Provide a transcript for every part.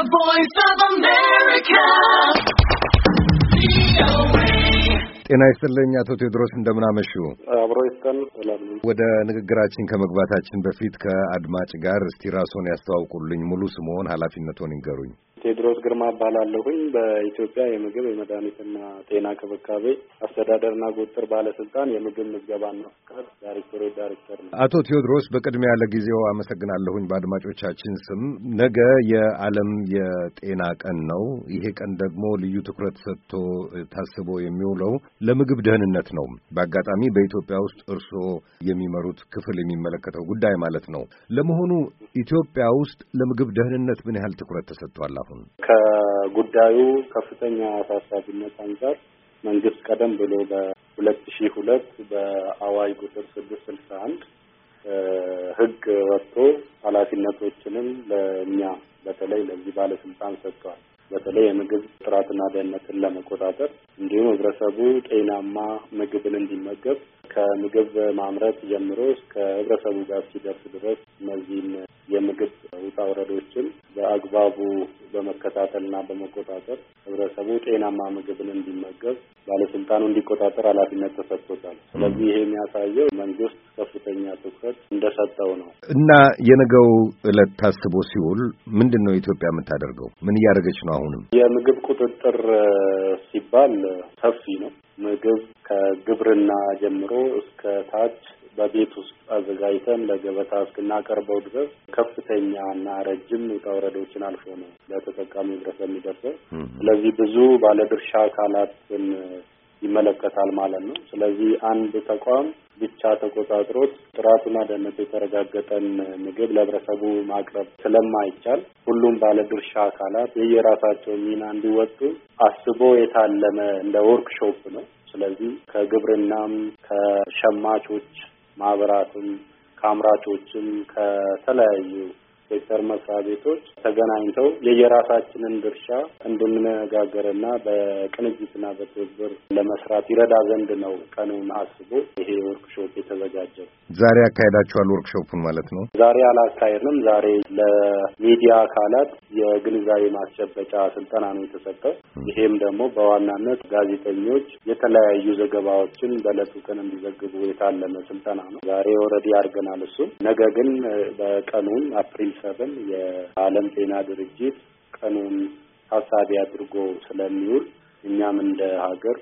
The Voice of America. ጤና ይስጥልኝ አቶ ቴዎድሮስ እንደምናመሹ። አብሮ ይስጠን። ወደ ንግግራችን ከመግባታችን በፊት ከአድማጭ ጋር እስቲ ራስዎን ያስተዋውቁልኝ፣ ሙሉ ስምዎን፣ ኃላፊነትዎን ይንገሩኝ። ቴድሮስ ግርማ እባላለሁኝ በኢትዮጵያ የምግብ የመድኃኒትና ጤና ክብካቤ አስተዳደርና ቁጥጥር ባለስልጣን የምግብ ምዝገባና ፍቃድ ዳይሬክቶሬት ዳይሬክተር ነው። አቶ ቴዎድሮስ በቅድሚያ ለጊዜው አመሰግናለሁኝ። በአድማጮቻችን ስም ነገ የዓለም የጤና ቀን ነው። ይሄ ቀን ደግሞ ልዩ ትኩረት ሰጥቶ ታስቦ የሚውለው ለምግብ ደህንነት ነው። በአጋጣሚ በኢትዮጵያ ውስጥ እርስዎ የሚመሩት ክፍል የሚመለከተው ጉዳይ ማለት ነው። ለመሆኑ ኢትዮጵያ ውስጥ ለምግብ ደህንነት ምን ያህል ትኩረት ተሰጥቷል? አሁን ከጉዳዩ ከፍተኛ አሳሳቢነት አንጻር መንግስት ቀደም ብሎ በሁለት ሺ ሁለት በአዋጅ ቁጥር ስድስት ስልሳ አንድ ህግ ወጥቶ ኃላፊነቶችንም ለእኛ በተለይ ለዚህ ባለስልጣን ሰጥቷል። በተለይ የምግብ ጥራትና ደህንነትን ለመቆጣጠር እንዲሁም ህብረተሰቡ ጤናማ ምግብን እንዲመገብ ከምግብ ማምረት ጀምሮ እስከ ህብረተሰቡ ጋር ሲደርስ ድረስ እነዚህን የምግብ ውጣ ውረዶችን በአግባቡ በመከታተልና በመቆጣጠር ህብረተሰቡ ጤናማ ምግብን እንዲመገብ ባለስልጣኑ እንዲቆጣጠር ኃላፊነት ተሰጥቶታል። ስለዚህ ይሄ የሚያሳየው መንግስት ከፍተኛ ትኩረት እንደሰጠው ነው እና የነገው እለት ታስቦ ሲውል ምንድን ነው ኢትዮጵያ የምታደርገው? ምን እያደረገች ነው? አሁንም የምግብ ቁጥጥር ሲባል ሰፊ ነው። ምግብ ከግብርና ጀምሮ እስከ ታች በቤት ውስጥ አዘጋጅተን ለገበታ እስክናቀርበው ድረስ ከፍተኛ እና ረጅም ውጣ ውረዶችን አልፎ ነው ለተጠቃሚ ህብረተሰብ የሚደርሰው። ስለዚህ ብዙ ባለድርሻ አካላትን ይመለከታል ማለት ነው። ስለዚህ አንድ ተቋም ብቻ ተቆጣጥሮት ጥራቱና ደህንነቱ የተረጋገጠን ምግብ ለህብረተሰቡ ማቅረብ ስለማይቻል ሁሉም ባለድርሻ አካላት የየራሳቸው ሚና እንዲወጡ አስቦ የታለመ እንደ ወርክሾፕ ነው። ስለዚህ ከግብርናም ከሸማቾች ማህበራትም ከአምራቾችም ከተለያዩ ሴክተር መስሪያ ቤቶች ተገናኝተው የየራሳችንን ድርሻ እንድንነጋገርና በቅንጅትና በትብብር ለመስራት ይረዳ ዘንድ ነው ቀኑን አስቦ ይሄ ወርክሾፕ የተዘጋጀው። ዛሬ አካሄዳችኋል ወርክሾፑን ማለት ነው? ዛሬ አላካሄድንም። ዛሬ ለሚዲያ አካላት የግንዛቤ ማስጨበጫ ስልጠና ነው የተሰጠው። ይሄም ደግሞ በዋናነት ጋዜጠኞች የተለያዩ ዘገባዎችን በዕለቱ ቀን እንዲዘግቡ የታለመ ስልጠና ነው። ዛሬ ኦልሬዲ አድርገናል እሱም። ነገ ግን በቀኑን አፕሪል ሰብን የዓለም ጤና ድርጅት ቀኑን ታሳቢ አድርጎ ስለሚውል እኛም እንደ ሀገር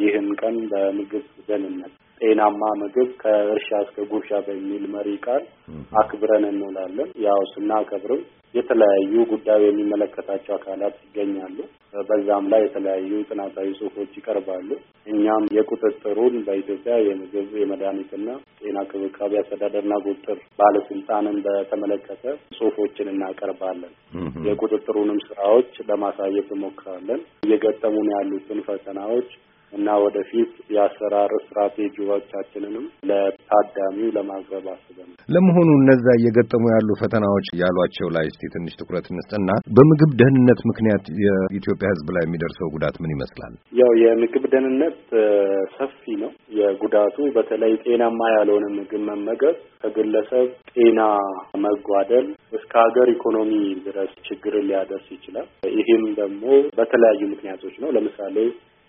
ይህን ቀን በምግብ ደህንነት ጤናማ ምግብ ከእርሻ እስከ ጉርሻ በሚል መሪ ቃል አክብረን እንውላለን። ያው ስናከብርም የተለያዩ ጉዳዩ የሚመለከታቸው አካላት ይገኛሉ። በዛም ላይ የተለያዩ ጥናታዊ ጽሁፎች ይቀርባሉ። እኛም የቁጥጥሩን በኢትዮጵያ የምግብ የመድኃኒትና ጤና ክብካቤ አስተዳደርና ቁጥር ባለስልጣንን በተመለከተ ጽሁፎችን እናቀርባለን። የቁጥጥሩንም ስራዎች ለማሳየት እንሞክራለን። እየገጠሙን ያሉትን ፈተናዎች እና ወደፊት የአሰራር ስትራቴጂዎቻችንንም ለታዳሚው ለማቅረብ አስበናል። ለመሆኑ እነዛ እየገጠሙ ያሉ ፈተናዎች ያሏቸው ላይ እስቲ ትንሽ ትኩረት እንስጥና በምግብ ደህንነት ምክንያት የኢትዮጵያ ሕዝብ ላይ የሚደርሰው ጉዳት ምን ይመስላል? ያው የምግብ ደህንነት ሰፊ ነው። የጉዳቱ በተለይ ጤናማ ያልሆነ ምግብ መመገብ ከግለሰብ ጤና መጓደል እስከ ሀገር ኢኮኖሚ ድረስ ችግርን ሊያደርስ ይችላል። ይህም ደግሞ በተለያዩ ምክንያቶች ነው። ለምሳሌ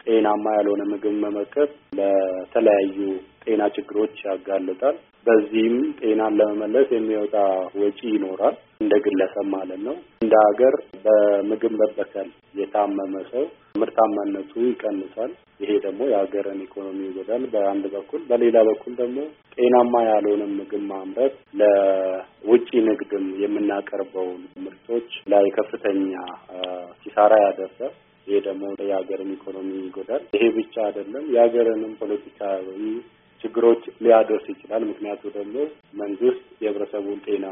ጤናማ ያልሆነ ምግብ መመገብ ለተለያዩ ጤና ችግሮች ያጋልጣል። በዚህም ጤናን ለመመለስ የሚወጣ ወጪ ይኖራል፣ እንደ ግለሰብ ማለት ነው። እንደ ሀገር በምግብ መበከል የታመመ ሰው ምርታማነቱ ይቀንሳል። ይሄ ደግሞ የሀገርን ኢኮኖሚ ይጎዳል በአንድ በኩል። በሌላ በኩል ደግሞ ጤናማ ያልሆነ ምግብ ማምረት ለውጭ ንግድም የምናቀርበውን ምርቶች ላይ ከፍተኛ ኪሳራ ያደርሳል። ይሄ ደግሞ የሀገርን ኢኮኖሚ ይጎዳል። ይሄ ብቻ አይደለም፣ የሀገርንም ፖለቲካዊ ችግሮች ሊያደርስ ይችላል። ምክንያቱ ደግሞ መንግስት የህብረተሰቡን ጤና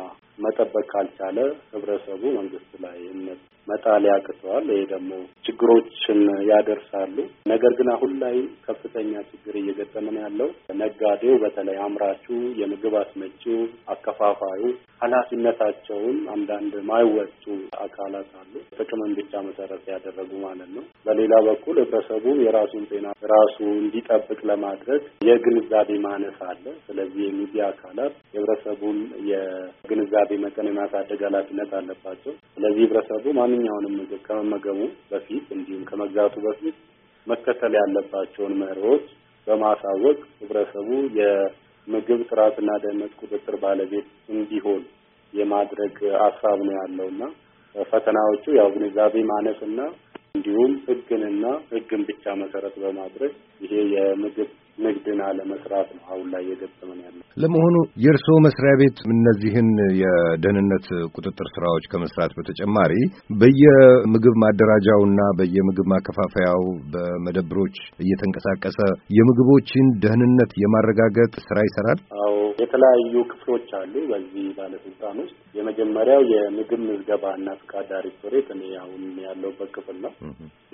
መጠበቅ ካልቻለ ህብረተሰቡ መንግስት ላይ እምነት መጣል ያቅተዋል። ይሄ ደግሞ ችግሮችን ያደርሳሉ። ነገር ግን አሁን ላይ ከፍተኛ ችግር እየገጠመን ያለው ነጋዴው፣ በተለይ አምራቹ፣ የምግብ አስመጪው፣ አከፋፋዩ ኃላፊነታቸውን አንዳንድ ማይወጡ አካላት አሉ። ጥቅምን ብቻ መሰረት ያደረጉ ማለት ነው። በሌላ በኩል ህብረሰቡ የራሱን ጤና ራሱ እንዲጠብቅ ለማድረግ የግንዛቤ ማነስ አለ። ስለዚህ የሚዲያ አካላት የህብረተሰቡን የግንዛቤ መጠን የማሳደግ ኃላፊነት አለባቸው። ስለዚህ ህብረተሰቡ ማንኛ ማንኛውንም ምግብ ከመመገቡ በፊት እንዲሁም ከመግዛቱ በፊት መከተል ያለባቸውን መርሆች በማሳወቅ ህብረተሰቡ የምግብ ጥራትና ደህንነት ቁጥጥር ባለቤት እንዲሆን የማድረግ ሀሳብ ነው ያለው እና ፈተናዎቹ ያው ግንዛቤ ማነስና እንዲሁም ህግንና ህግን ብቻ መሰረት በማድረግ ይሄ የምግብ ንግድን አለመስራት ነው አሁን ላይ የገጠመን ያለ። ለመሆኑ የእርስዎ መስሪያ ቤት እነዚህን የደህንነት ቁጥጥር ስራዎች ከመስራት በተጨማሪ በየምግብ ማደራጃውና በየምግብ ማከፋፈያው በመደብሮች እየተንቀሳቀሰ የምግቦችን ደህንነት የማረጋገጥ ስራ ይሰራል? አዎ የተለያዩ ክፍሎች አሉ በዚህ ባለስልጣን ውስጥ የመጀመሪያው የምግብ ምዝገባ እና ፍቃድ ዳይሬክቶሬት እኔ አሁን ያለሁበት ክፍል ነው።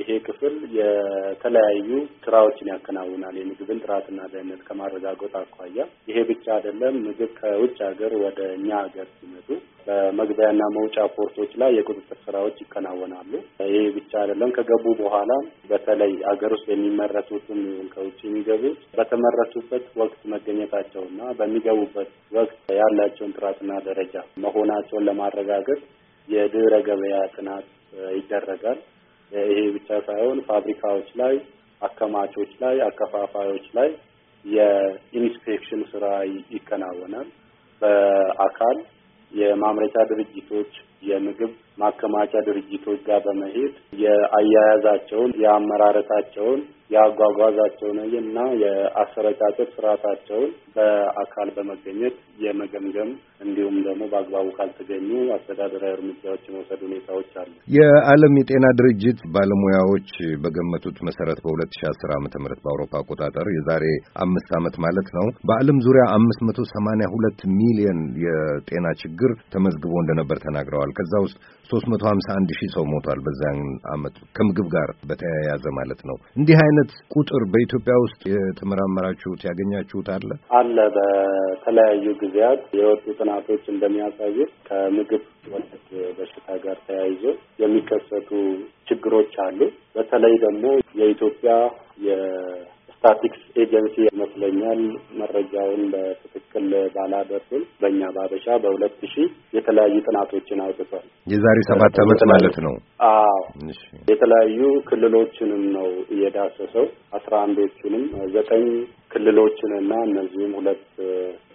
ይሄ ክፍል የተለያዩ ስራዎችን ያከናውናል። የምግብን ጥራትና ደህንነት ከማረጋገጥ አኳያ ይሄ ብቻ አይደለም። ምግብ ከውጭ ሀገር ወደ እኛ ሀገር ሲመጡ በመግቢያና መውጫ ፖርቶች ላይ የቁጥጥር ስራዎች ይከናወናሉ። ይህ ብቻ አይደለም። ከገቡ በኋላ በተለይ አገር ውስጥ የሚመረቱትን ከውጭ የሚገቡት በተመረቱበት ወቅት መገኘታቸውና በሚገቡበት ወቅት ያላቸውን ጥራትና ደረጃ መሆናቸውን ለማረጋገጥ የድህረ ገበያ ጥናት ይደረጋል። ይሄ ብቻ ሳይሆን ፋብሪካዎች ላይ፣ አከማቾች ላይ፣ አከፋፋዮች ላይ የኢንስፔክሽን ስራ ይከናወናል በአካል የማምረቻ ድርጅቶች፣ የምግብ ማከማቻ ድርጅቶች ጋር በመሄድ የአያያዛቸውን የአመራረታቸውን እና የአሰረጫጨት ስርዓታቸውን በአካል በመገኘት የመገምገም እንዲሁም ደግሞ በአግባቡ ካልተገኙ አስተዳደራዊ እርምጃዎች የመውሰድ ሁኔታዎች አሉ። የዓለም የጤና ድርጅት ባለሙያዎች በገመቱት መሰረት በሁለት ሺ አስር ዓመተ ምህረት በአውሮፓ አቆጣጠር የዛሬ አምስት ዓመት ማለት ነው በዓለም ዙሪያ አምስት መቶ ሰማኒያ ሁለት ሚሊየን የጤና ችግር ተመዝግቦ እንደነበር ተናግረዋል። ከዛ ውስጥ ሶስት መቶ ሀምሳ አንድ ሺህ ሰው ሞቷል። በዚያን ዓመት ከምግብ ጋር በተያያዘ ማለት ነው እንዲህ አይነት አይነት ቁጥር በኢትዮጵያ ውስጥ የተመራመራችሁት ያገኛችሁት አለ አለ በተለያዩ ጊዜያት የወጡ ጥናቶች እንደሚያሳዩት ከምግብ ወለድ በሽታ ጋር ተያይዞ የሚከሰቱ ችግሮች አሉ። በተለይ ደግሞ የኢትዮጵያ ስታቲክስ ኤጀንሲ ይመስለኛል መረጃውን በትክክል ባላደርስም በእኛ ባበሻ በሁለት ሺህ የተለያዩ ጥናቶችን አውጥቷል። የዛሬ ሰባት ዓመት ማለት ነው። አዎ የተለያዩ ክልሎችንም ነው እየዳሰሰው አስራ አንዶቹንም ዘጠኝ ክልሎችንና እነዚህም ሁለት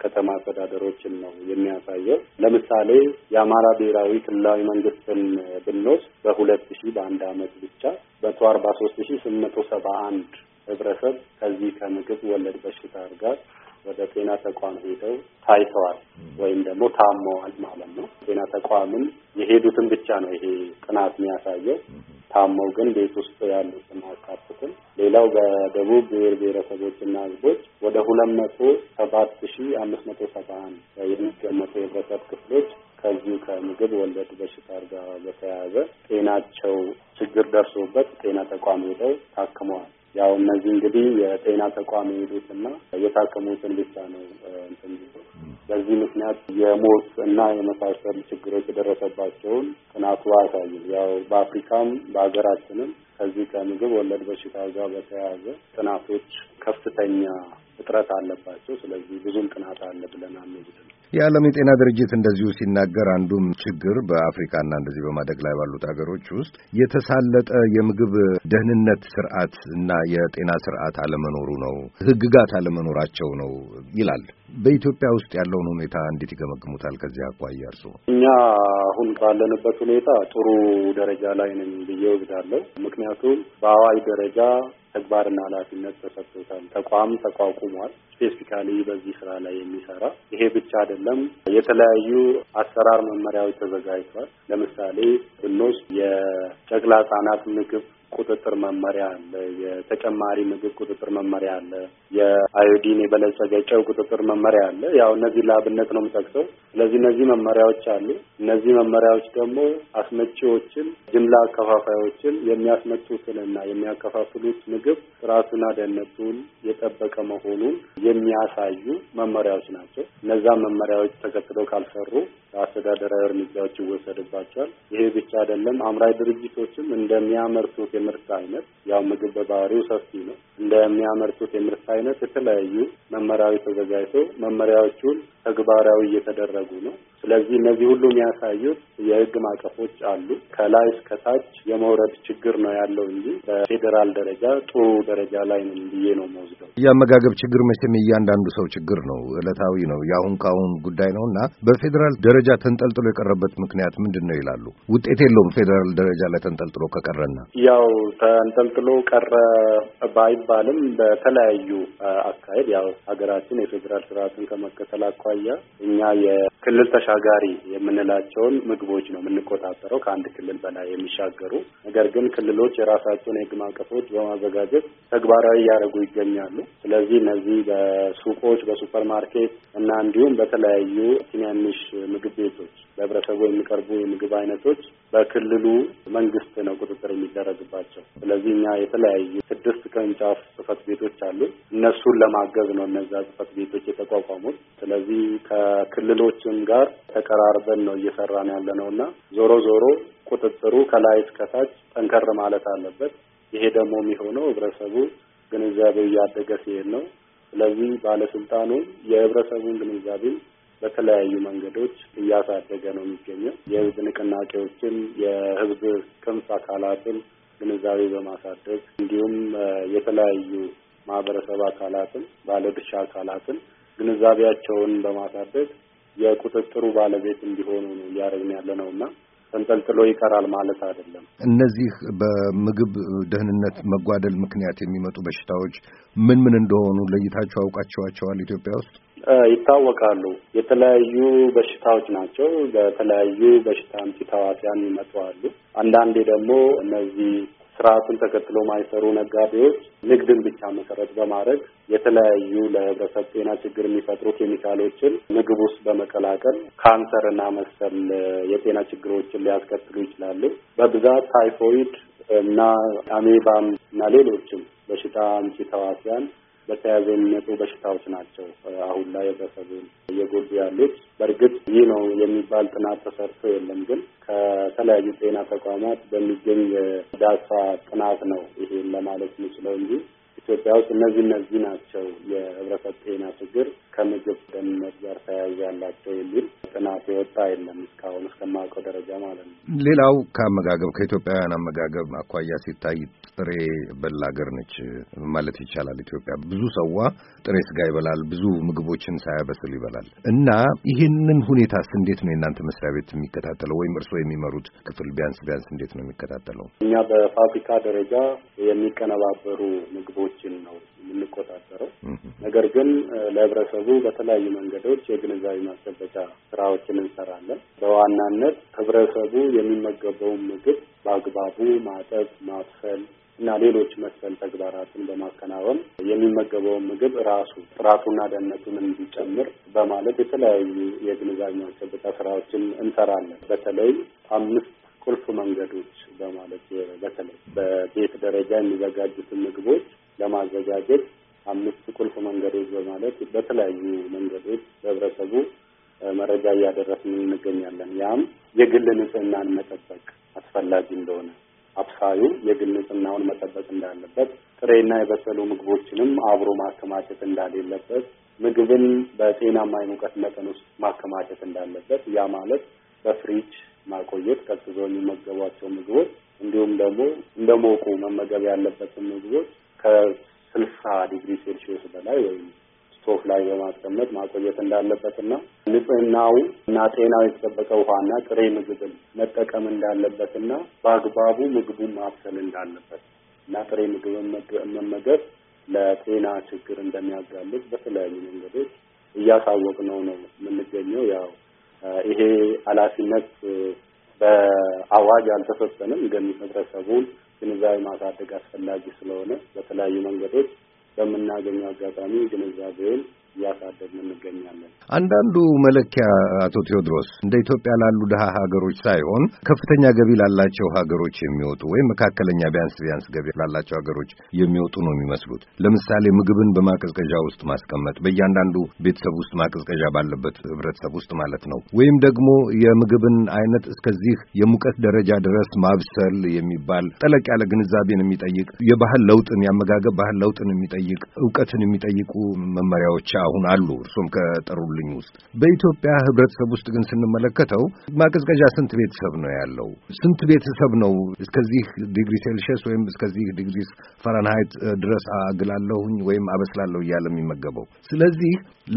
ከተማ አስተዳደሮችን ነው የሚያሳየው። ለምሳሌ የአማራ ብሔራዊ ክልላዊ መንግስትን ብንወስድ በሁለት ሺህ በአንድ ዓመት ብቻ መቶ አርባ ሶስት ሺህ ስምንት መቶ ሰባ አንድ ህብረተሰብ ከዚህ ከምግብ ወለድ በሽታ ጋር ወደ ጤና ተቋም ሄደው ታይተዋል ወይም ደግሞ ታመዋል ማለት ነው። ጤና ተቋምም የሄዱትን ብቻ ነው ይሄ ጥናት የሚያሳየው። ታመው ግን ቤት ውስጥ ያሉትን አካትትም። ሌላው በደቡብ ብሔር ብሔረሰቦችና ህዝቦች ወደ ሁለት መቶ ሰባት ሺ አምስት መቶ ሰባ አንድ የሚገመቱ የህብረተሰብ ክፍሎች ከዚሁ ከምግብ ወለድ በሽታ ጋር በተያያዘ ጤናቸው ችግር ደርሶበት ጤና ተቋም ሄደው ታክመዋል። ያው እነዚህ እንግዲህ የጤና ተቋም የሄዱትና የታከሙትን ብቻ ነው እንትን በዚህ ምክንያት የሞት እና የመሳሰል ችግሮች የደረሰባቸውን ጥናቱ አሳዩ። ያው በአፍሪካም በሀገራችንም ከዚህ ከምግብ ወለድ በሽታ ጋር በተያያዘ ጥናቶች ከፍተኛ እጥረት አለባቸው። ስለዚህ ብዙም ጥናት አለ ብለን አንወስድም። የዓለም የጤና ድርጅት እንደዚሁ ሲናገር አንዱም ችግር በአፍሪካና እንደዚህ በማደግ ላይ ባሉት ሀገሮች ውስጥ የተሳለጠ የምግብ ደህንነት ስርዓት እና የጤና ስርዓት አለመኖሩ ነው፣ ህግጋት አለመኖራቸው ነው ይላል። በኢትዮጵያ ውስጥ ያለውን ሁኔታ እንዴት ይገመግሙታል? ከዚህ አኳያ እርስዎ። እኛ አሁን ባለንበት ሁኔታ ጥሩ ደረጃ ላይ ነኝ ብዬ እወስዳለሁ። ምክንያቱም በአዋይ ደረጃ ተግባርና ኃላፊነት ተሰጥቶታል። ተቋም ተቋቁሟል ስፔሲፊካሊ በዚህ ስራ ላይ የሚሰራ። ይሄ ብቻ አይደለም፣ የተለያዩ አሰራር መመሪያዎች ተዘጋጅቷል። ለምሳሌ ብንወስድ የጨቅላ ህጻናት ምግብ ቁጥጥር መመሪያ አለ፣ የተጨማሪ ምግብ ቁጥጥር መመሪያ አለ፣ የአዮዲን የበለጸገ ጨው ቁጥጥር መመሪያ አለ። ያው እነዚህ ለአብነት ነው የምጠቅሰው። ስለዚህ እነዚህ መመሪያዎች አሉ። እነዚህ መመሪያዎች ደግሞ አስመጪዎችን፣ ጅምላ አከፋፋዮችን የሚያስመጡትንና የሚያከፋፍሉት ምግብ ጥራቱና ደህንነቱን የጠበቀ መሆኑን የሚያሳዩ መመሪያዎች ናቸው። እነዛ መመሪያዎች ተከትለው ካልሰሩ አስተዳደራዊ እርምጃዎች ይወሰድባቸዋል። ይሄ ብቻ አይደለም። አምራች ድርጅቶችም እንደሚያመርቱት የምርት አይነት ያው ምግብ በባህሪው ሰፊ ነው። እንደሚያመርቱት የምርት አይነት የተለያዩ መመሪያዎች ተዘጋጅተው መመሪያዎቹን ተግባራዊ እየተደረጉ ነው። ስለዚህ እነዚህ ሁሉ የሚያሳዩት የህግ ማቀፎች አሉ። ከላይ እስከ ታች የመውረድ ችግር ነው ያለው እንጂ በፌዴራል ደረጃ ጥሩ ደረጃ ላይ ነው ብዬ ነው መወስደው። የአመጋገብ ችግር መቼም እያንዳንዱ ሰው ችግር ነው፣ እለታዊ ነው፣ የአሁን ከአሁን ጉዳይ ነው እና በፌዴራል ደረጃ ተንጠልጥሎ የቀረበት ምክንያት ምንድን ነው ይላሉ። ውጤት የለውም ፌዴራል ደረጃ ላይ ተንጠልጥሎ ከቀረና ያው ተንጠልጥሎ ቀረ ባይባልም በተለያዩ አካሄድ ያው ሀገራችን የፌዴራል ስርዓትን ከመከተል አኳያ እኛ ክልል ተሻጋሪ የምንላቸውን ምግቦች ነው የምንቆጣጠረው፣ ከአንድ ክልል በላይ የሚሻገሩ ነገር ግን ክልሎች የራሳቸውን የህግ ማዕቀፎች በማዘጋጀት ተግባራዊ እያደረጉ ይገኛሉ። ስለዚህ እነዚህ በሱቆች፣ በሱፐር ማርኬት እና እንዲሁም በተለያዩ ትናንሽ ምግብ ቤቶች ለህብረተሰቡ የሚቀርቡ የምግብ አይነቶች በክልሉ መንግስት ነው ቁጥጥር የሚደረግባቸው። ስለዚህ እኛ የተለያዩ ስድስት ቅርንጫፍ ጽህፈት ቤቶች አሉ። እነሱን ለማገዝ ነው እነዛ ጽህፈት ቤቶች የተቋቋሙት። ስለዚህ ከክልሎችም ጋር ተቀራርበን ነው እየሰራን ያለ ነው እና ዞሮ ዞሮ ቁጥጥሩ ከላይ እስከታች ጠንከር ማለት አለበት። ይሄ ደግሞ የሚሆነው ህብረተሰቡ ግንዛቤ እያደገ ሲሄድ ነው። ስለዚህ ባለስልጣኑ የህብረተሰቡን ግንዛቤ በተለያዩ መንገዶች እያሳደገ ነው የሚገኘው። የህዝብ ንቅናቄዎችን፣ የህዝብ ክንፍ አካላትን ግንዛቤ በማሳደግ እንዲሁም የተለያዩ ማህበረሰብ አካላትን፣ ባለድርሻ አካላትን ግንዛቤያቸውን በማሳደግ የቁጥጥሩ ባለቤት እንዲሆኑ ነው እያደረግን ያለ ነው እና ተንጠልጥሎ ይቀራል ማለት አይደለም። እነዚህ በምግብ ደህንነት መጓደል ምክንያት የሚመጡ በሽታዎች ምን ምን እንደሆኑ ለይታችሁ አውቃቸዋቸዋል ኢትዮጵያ ውስጥ? ይታወቃሉ። የተለያዩ በሽታዎች ናቸው። በተለያዩ በሽታ አምጪ ተዋሲያን ይመጡ አሉ። አንዳንዴ ደግሞ እነዚህ ስርዓቱን ተከትሎ ማይሰሩ ነጋዴዎች ንግድን ብቻ መሰረት በማድረግ የተለያዩ ለህብረተሰብ ጤና ችግር የሚፈጥሩ ኬሚካሎችን ምግብ ውስጥ በመቀላቀል ካንሰር እና መሰል የጤና ችግሮችን ሊያስከትሉ ይችላሉ። በብዛት ታይፎይድ እና አሜባም እና ሌሎችም በሽታ አምጪ ተዋሲያን በተያያዘ የሚመጡ በሽታዎች ናቸው። አሁን ላይ ህብረተሰቡን እየጎዱ ያሉት በእርግጥ ይህ ነው የሚባል ጥናት ተሰርቶ የለም፣ ግን ከተለያዩ ጤና ተቋማት በሚገኝ የዳሳ ጥናት ነው ይሄን ለማለት የምችለው እንጂ ኢትዮጵያ ውስጥ እነዚህ እነዚህ ናቸው የህብረተሰብ ጤና ችግር ከምግብ ደህንነት ጋር ተያያዥ ያላቸው የሚል ጥናት የወጣ የለም እስካሁን እስከማውቀው ደረጃ ማለት ነው። ሌላው ከአመጋገብ ከኢትዮጵያውያን አመጋገብ አኳያ ሲታይ ጥሬ በላ ሀገር ነች ማለት ይቻላል። ኢትዮጵያ ብዙ ሰዋ ጥሬ ስጋ ይበላል፣ ብዙ ምግቦችን ሳያበስል ይበላል እና ይህንን ሁኔታስ እንዴት ነው የእናንተ መስሪያ ቤት የሚከታተለው ወይም እርስዎ የሚመሩት ክፍል ቢያንስ ቢያንስ እንዴት ነው የሚከታተለው? እኛ በፋብሪካ ደረጃ የሚቀነባበሩ ምግቦችን ነው የምንቆጣጠረው። ነገር ግን ለህብረተሰቡ በተለያዩ መንገዶች የግንዛቤ ማስጨበጫ ስራዎችን እንሰራለን። በዋናነት ህብረተሰቡ የሚመገበውን ምግብ በአግባቡ ማጠብ፣ ማብሰል እና ሌሎች መሰል ተግባራትን በማከናወን የሚመገበውን ምግብ ራሱ ጥራቱና ደህንነቱን እንዲጨምር በማለት የተለያዩ የግንዛቤ ማስጨበጫ ስራዎችን እንሰራለን። በተለይ አምስት ቁልፍ መንገዶች በማለት በተለይ በቤት ደረጃ የሚዘጋጁትን ምግቦች ለማዘጋጀት አምስት ቁልፍ መንገዶች በማለት በተለያዩ መንገዶች ለህብረተሰቡ መረጃ እያደረስን እንገኛለን። ያም የግል ንጽህናን መጠበቅ አስፈላጊ እንደሆነ አብሳዩ የግል ንጽህናውን መጠበቅ እንዳለበት፣ ጥሬና የበሰሉ ምግቦችንም አብሮ ማከማቸት እንዳሌለበት፣ ምግብን በጤናማ የሙቀት መጠን ውስጥ ማከማቸት እንዳለበት ያ ማለት በፍሪጅ ማቆየት ቀዝቅዘው የሚመገቧቸው ምግቦች እንዲሁም ደግሞ እንደሞቁ መመገብ ያለበትን ምግቦች ከስልሳ ዲግሪ ሴልሺየስ በላይ ወይም ስቶፍ ላይ በማስቀመጥ ማቆየት እንዳለበትና ንጽህናው እና ጤናው የተጠበቀ ውሃና ጥሬ ምግብን መጠቀም እንዳለበትና በአግባቡ ምግቡን ማብሰል እንዳለበት እና ጥሬ ምግብን መመገብ ለጤና ችግር እንደሚያጋልጥ በተለያዩ መንገዶች እያሳወቅ ነው ነው የምንገኘው። ያው ይሄ ኃላፊነት በአዋጅ አልተሰጠንም፣ ግን ህብረተሰቡን ግንዛቤ ማሳደግ አስፈላጊ ስለሆነ በተለያዩ መንገዶች በምናገኘው አጋጣሚ ግንዛቤውን እያሳደግን እንገኛለን። አንዳንዱ መለኪያ አቶ ቴዎድሮስ እንደ ኢትዮጵያ ላሉ ድሀ ሀገሮች ሳይሆን ከፍተኛ ገቢ ላላቸው ሀገሮች የሚወጡ ወይም መካከለኛ ቢያንስ ቢያንስ ገቢ ላላቸው ሀገሮች የሚወጡ ነው የሚመስሉት። ለምሳሌ ምግብን በማቀዝቀዣ ውስጥ ማስቀመጥ በእያንዳንዱ ቤተሰብ ውስጥ ማቀዝቀዣ ባለበት ህብረተሰብ ውስጥ ማለት ነው። ወይም ደግሞ የምግብን አይነት እስከዚህ የሙቀት ደረጃ ድረስ ማብሰል የሚባል ጠለቅ ያለ ግንዛቤን የሚጠይቅ የባህል ለውጥን የአመጋገብ ባህል ለውጥን የሚጠይቅ እውቀትን የሚጠይቁ መመሪያዎች አሁን አሉ እርሱም ከጠሩልኝ ውስጥ በኢትዮጵያ ህብረተሰብ ውስጥ ግን ስንመለከተው ማቀዝቀዣ ስንት ቤተሰብ ነው ያለው? ስንት ቤተሰብ ነው እስከዚህ ዲግሪ ሴልሽስ ወይም እስከዚህ ዲግሪ ፈረንሃይት ድረስ አግላለሁኝ ወይም አበስላለሁ እያለ የሚመገበው? ስለዚህ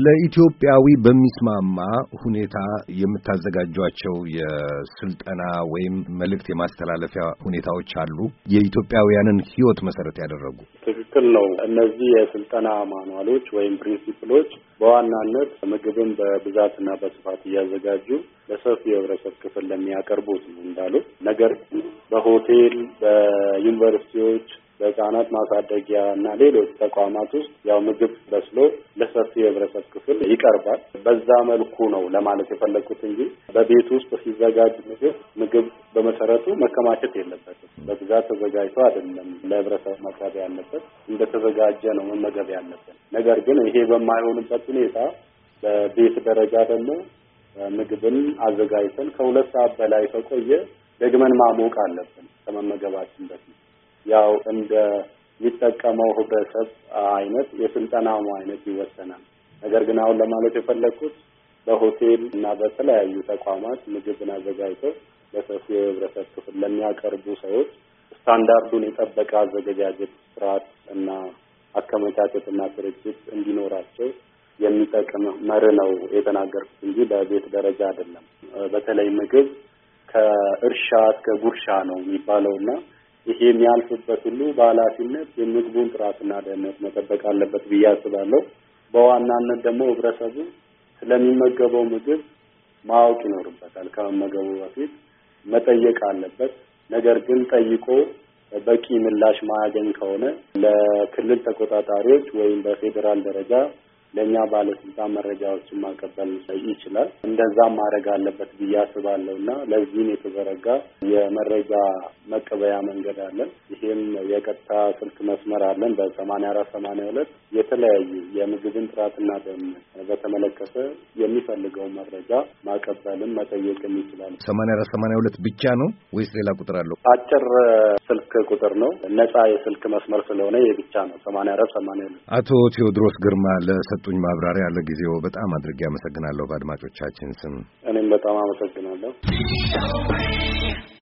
ለኢትዮጵያዊ በሚስማማ ሁኔታ የምታዘጋጇቸው የስልጠና ወይም መልእክት የማስተላለፊያ ሁኔታዎች አሉ የኢትዮጵያውያንን ህይወት መሰረት ያደረጉ። ትክክል ነው። እነዚህ የስልጠና ማኗሎች ወይም ፕሪንሲፕሎች ድርጅቶች በዋናነት ምግብን በብዛትና በስፋት እያዘጋጁ ለሰፊ የህብረተሰብ ክፍል ለሚያቀርቡት ነው እንዳሉት። ነገር ግን በሆቴል በዩኒቨርሲቲዎች በህጻናት ማሳደጊያ እና ሌሎች ተቋማት ውስጥ ያው ምግብ በስሎ ለሰፊ የህብረተሰብ ክፍል ይቀርባል። በዛ መልኩ ነው ለማለት የፈለግኩት እንጂ በቤት ውስጥ ሲዘጋጅ ምግብ ምግብ በመሰረቱ መከማቸት የለበትም። በብዛት ተዘጋጅቶ አይደለም ለህብረተሰብ መቅረብ ያለበት፣ እንደተዘጋጀ ነው መመገብ ያለበት። ነገር ግን ይሄ በማይሆንበት ሁኔታ በቤት ደረጃ ደግሞ ምግብን አዘጋጅተን ከሁለት ሰዓት በላይ ከቆየ ደግመን ማሞቅ አለብን ከመመገባችን በፊት ያው እንደ የሚጠቀመው ህብረተሰብ አይነት የስልጠናው አይነት ይወሰናል። ነገር ግን አሁን ለማለት የፈለግኩት በሆቴል እና በተለያዩ ተቋማት ምግብን አዘጋጅተው ለሰፊው የህብረተሰብ ክፍል ለሚያቀርቡ ሰዎች ስታንዳርዱን የጠበቀ አዘገጃጀት ስርዓት እና አከመቻቸት እና ስርጭት እንዲኖራቸው የሚጠቅም መር ነው የተናገርኩት እንጂ በቤት ደረጃ አይደለም። በተለይ ምግብ ከእርሻ እስከ ጉርሻ ነው የሚባለው እና ይሄ የሚያልፍበት ሁሉ በኃላፊነት የምግቡን ጥራትና ደህንነት መጠበቅ አለበት ብዬ አስባለሁ። በዋናነት ደግሞ ህብረተሰቡ ስለሚመገበው ምግብ ማወቅ ይኖርበታል። ከመመገቡ በፊት መጠየቅ አለበት። ነገር ግን ጠይቆ በቂ ምላሽ ማያገኝ ከሆነ ለክልል ተቆጣጣሪዎች ወይም በፌዴራል ደረጃ ለእኛ ባለስልጣን መረጃዎችን ማቀበል ይችላል። እንደዛም ማድረግ አለበት ብዬ አስባለሁ እና ለዚህም የተዘረጋ የመረጃ መቀበያ መንገድ አለን። ይሄም የቀጥታ ስልክ መስመር አለን በሰማኒያ አራት ሰማኒያ ሁለት የተለያዩ የምግብን ጥራትና ደህንነት በተመለከተ የሚፈልገው መረጃ ማቀበልም መጠየቅም ይችላል። ሰማኒያ አራት ሰማኒያ ሁለት ብቻ ነው ወይስ ሌላ ቁጥር አለው? አጭር ስልክ ቁጥር ነው። ነጻ የስልክ መስመር ስለሆነ ይህ ብቻ ነው። ሰማኒያ አራት ሰማኒያ ሁለት አቶ ቴዎድሮስ ግርማ ለሰ ለሰጡኝ ማብራሪያ ለጊዜው በጣም አድርጌ አመሰግናለሁ። በአድማጮቻችን ስም እኔም በጣም አመሰግናለሁ።